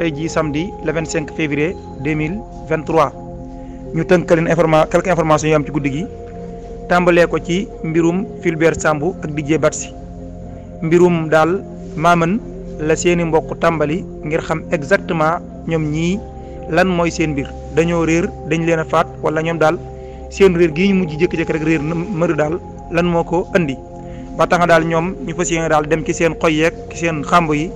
tey jii samedi le 25 février 2023 ñu tënk leen informa quelques informations yu am ci guddi gi tàmbalee ko ci mbirum Fulbert Sambou ak Didier Badji mbirum daal maaman la seeni mbokk tàmbali ngir xam exactement ñoom ñii lan mooy seen mbir dañoo réer dañ leen a faat wala ñoom daal seen réer gii ñu mujj jékki-jékki rek réer mër daal lan moo ko indi ba daal ñoom ñu fas yéene daal dem ci seen xoy ci seen xàmb yi.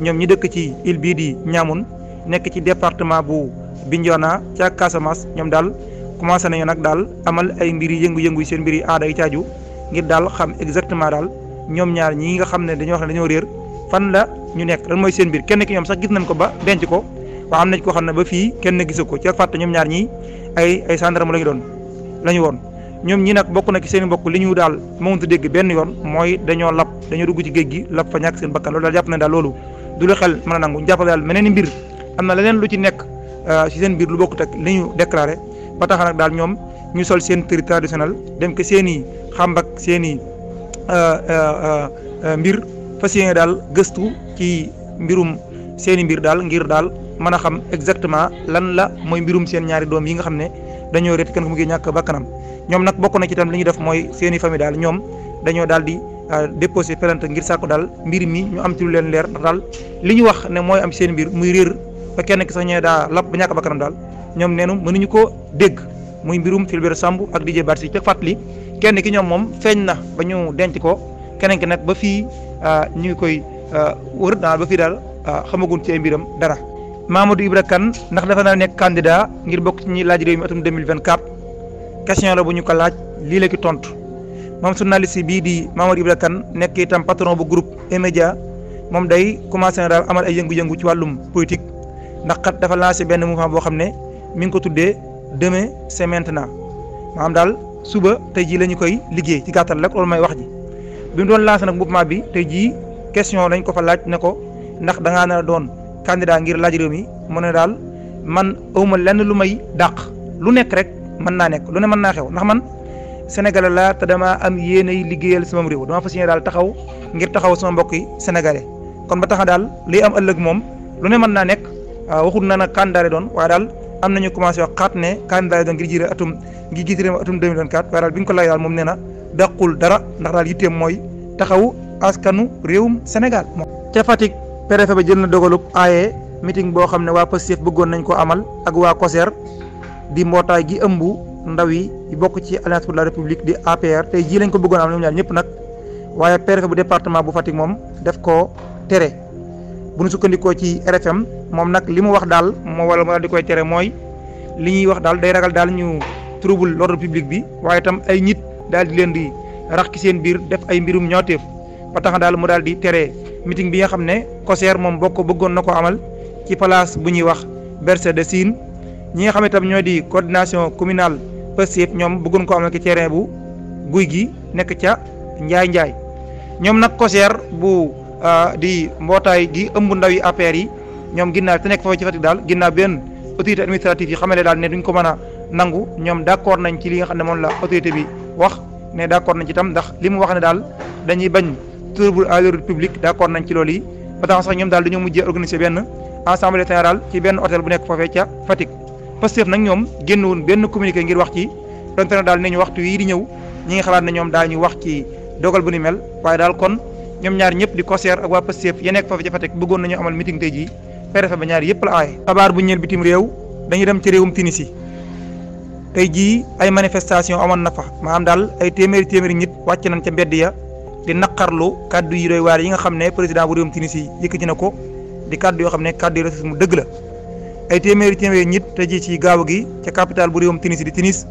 ñoom ñi dëkk ci île bii di Niamoune nekk ci département bu Bignona ca Casamance ñoom daal commencé nañu nag daal amal ay mbir yi yëngu-yëngu seen mbir yi aada yi caaju ngir daal xam exactement daal ñoom ñaar ñii nga xam ne dañoo wax ne dañoo réer fan la ñu nekk lan mooy seen mbir kenn ki ñoom sax gis nañ ko ba denc ko waaw am nañ ko xam ne ba fii kenn gisu ko ca fàtte ñoom ñaar ñii ay ay gendarme la ñu doon la ñu woon ñoom ñi nag bokk na ci seen mbokk li ñu daal mënut a dégg benn yoon mooy dañoo lab dañoo dugg ci géej gi lab fa ñàkk seen bakkan loolu daal jàpp na daal loolu du lu xel mën a nangu jàppale daal meneen mbir am na leneen lu ci nekk euh, si seen mbir lu bokkut ak li ñu déclaré ba tax nag daal ñoom ñu sol seen tëri traditionnel dem ko seeni i xàmbak seen i euh, euh, mbir fas daal gëstu ci mbirum seen i mbir daal ngir daal mën a xam exactement lan la mooy mbirum seen ñaari doom yi nga xam ne dañoo réet kenn ku mu ngi ñàkk bakkanam ñoom nag bokk na ci tam li ñu def mooy seeni i daal ñoom dañoo daal di déposé plainte ngir sàkku daal mbir mi ñu am ci lu leen leer ndax daal li ñu wax ne mooy am seen mbir muy réer ba kenn ki sax ñee daa lap ba ñàkk bakkanam daal ñoom neenu mënuñu ko dégg muy mbirum Fulbert Sambou ak Didier Badji ca fàttali kenn ki ñoom moom feeñ na ba ñu denc ko keneen ki nag ba fii ñu ngi koy wër daal ba fii daal xamagun ci ay mbiram dara Mamadou Ibra kan ndax dafa naa nekk candidat ngir bokk ci ñi laaj réew mi atum 2024 question la bu ñu ko laaj lii la tontu moom journaliste bii di Mamadou Ibra Kane nekk itam patron bu group E-Media moom day commencé na daal amal ay yëngu-yëngu ci wàllum politique ndax kat dafa lancé benn mouvement boo xam ne mi ngi ko tuddee demain c'est maintenant maanaam daal suba tey jii lañu koy liggéey ci gàttal rek loolu may wax ji bi mu doon lancé nag mouvement bi tey jii question lañ ko fa laaj ne ko ndax da ngaa doon candidat ngir laaj réew mi mu ne daal man awma lenn lu may dàq lu nekk rek mën naa nekk lu ne mën naa xew ndax man. sénégalais laa te damaa am yéenay liggéeyal sama réew dama fas yéene daal taxaw ngir taxaw sama mbokk yi sénégalais kon ba tax daal liy am ëllëg moom lu ne mën naa nekk ah, waxut na nag candidat doon waaye daal am nañu commencé wax xaat ne candidat doon ngir jiite atum ngir jiite atum 2024 waaye daal bi ñu ko laaj daal moom nee na dàqul dara ndax daal yitteem mooy taxaw askanu réewum Sénégal. ca Fatick préfet ba jël na dogalub aaye meeting boo xam ne waa Pastef bëggoon nañ ko amal ak waa COSER di mbootaay gi ëmb. ndaw yi bokk ci alliance pour la république di APR tey jii lañ ko bëggoon am ñoom nag waaye préfet bu département bu Fatick moom def ko tere bu ñu sukkandikoo ci RFM moom nag li mu wax daal moo wala mu daal di koy tere mooy li ñuy wax daal day ragal daal ñu trouble l'ordre public bi waaye tam ay nit daal di leen di rax ki seen biir def ay mbirum ñooteef ba tax daal mu daal di tere meeting bi nga xam ne COSER moom bokk ko bëggoon na ko amal ci place bu ñuy wax berse de Sine ñi nga pës ñoom bëggoon ko amal ci terrain bu guy gi nekk ca njaay njaay ñoom nag COJER bu euh, di mbootaay gi ëmb ndaw yi APR yi ñoom ginnaaw te nekk foofu ci Fatick daal ginnaaw benn autorité administrative yi xamale daal ne duñ ko mën a nangu ñoom d'accord nañ ci li nga xam ne moom la autorité bi wax ne d'accord nañ ci tam ndax li mu wax ne daal dañuy bañ trouble à l'ordre public d'accord nañ ci loolu yi ba sax ñoom daal dañoo mujjee organiser benn assemblée générale ci benn hôtel bu nekk foofee ca Fatick Pastef nag ñoom génn woon benn communiqué ngir wax ci donte na daal ne ñu waxtu yii di ñëw ñi ngi xalaat ne ñoom daañu wax ci dogal bu ni mel waaye daal kon ñoom ñaar ñëpp di COSER ak waa Pastef ya nekk foofu ca Fatick bëggoon nañu amal meeting tey jii préfet ba ñaar yëpp la aaye. xabaar bu ñeel bitim réew dañu dem ci réewum Tunisie tey jii ay manifestation amoon na fa maanaam daal ay téeméeri téeméeri nit wàcc nañ ca mbedd ya di naqarlu kàddu yi doy waar yi nga xam ne président bu réewum na ko di yoo xam ne kàddu yi racisme mu la ay téeméeri téeméeri nit tëjee ci gaaw gi ca capital bu réewum Tunisie di Tunis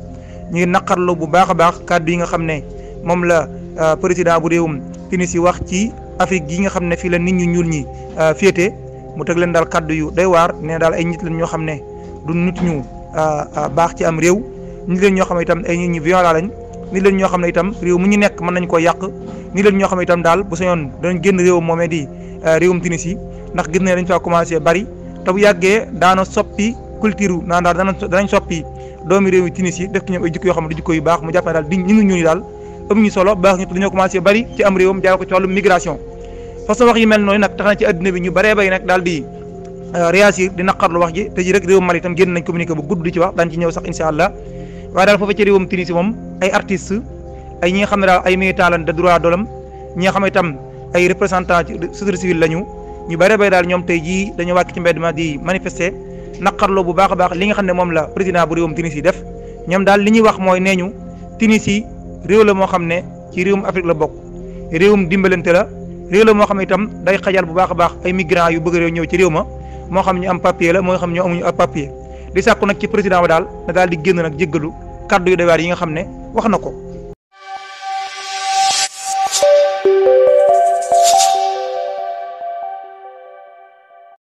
ñu ngi naqarlu bu baax a baax kàddu yi nga xam ne moom la euh, président bu réewum Tunisie wax ci Afrique yi nga xam ne fii la nit ñu ñuul ñi euh, féete mu teg leen daal kàddu yu day waar nee daal ay nit lañ ñoo xam ne du nit ñu euh, baax ci am réew nit leen ñoo xam ne itam ay nit ñu violent lañ nit leen ñoo xam ne itam réew mu ñu nekk mën nañ koo yàq nit leen ñoo xam ne itam daal bu sañoon dañ génn réewum moomee di réewum Tunisie ndax gis ne dañ faa commencé bari te bu yàggee daana soppi culture wu naan daal dana soppi doomi réew yi Tunis yi def ci ñoom ay jikko yoo xam ne du jikko yu baax mu jàpp ne daal di ñu ngi ñuul daal amuñu solo baax ñu dañoo commencé bari ci am réewam migration façon wax yi mel noonu nag tax na ci adduna bi ñu baree bay nag daal di euh, réagir di naqarlu wax ji te ji rek réewum Mali itam génn nañ communiqué bu gudd di ci wax daan ci ñëw sax incha allah waaye daal foofu ci réewum Tunisie moom ay artistes ay xam ne daal ay militants lañ de droit dolam ñi nga xam ne itam ay représentants ci société ñu bare bay daal ñoom tey jii dañu wàkk ci mbedd ma di manifester naqarloo bu baax baax li nga xam ne moom la président bu réewum Tunisie def ñoom daal li ñuy wax mooy nee ñu Tunisie réew la moo xam ne ci réewum Afrique la bokk réewum dimbalante la réew la moo xam ne itam day xajal bu baax a baax ay migrants yu bëgg réew ñëw ci réew ma moo xam ñu am papier la moo xam ñu amuñu ab papier di sàkku nag ci président ba daal na daal di génn nag jéggalu kàddu yu doy yi nga xam ne wax na ko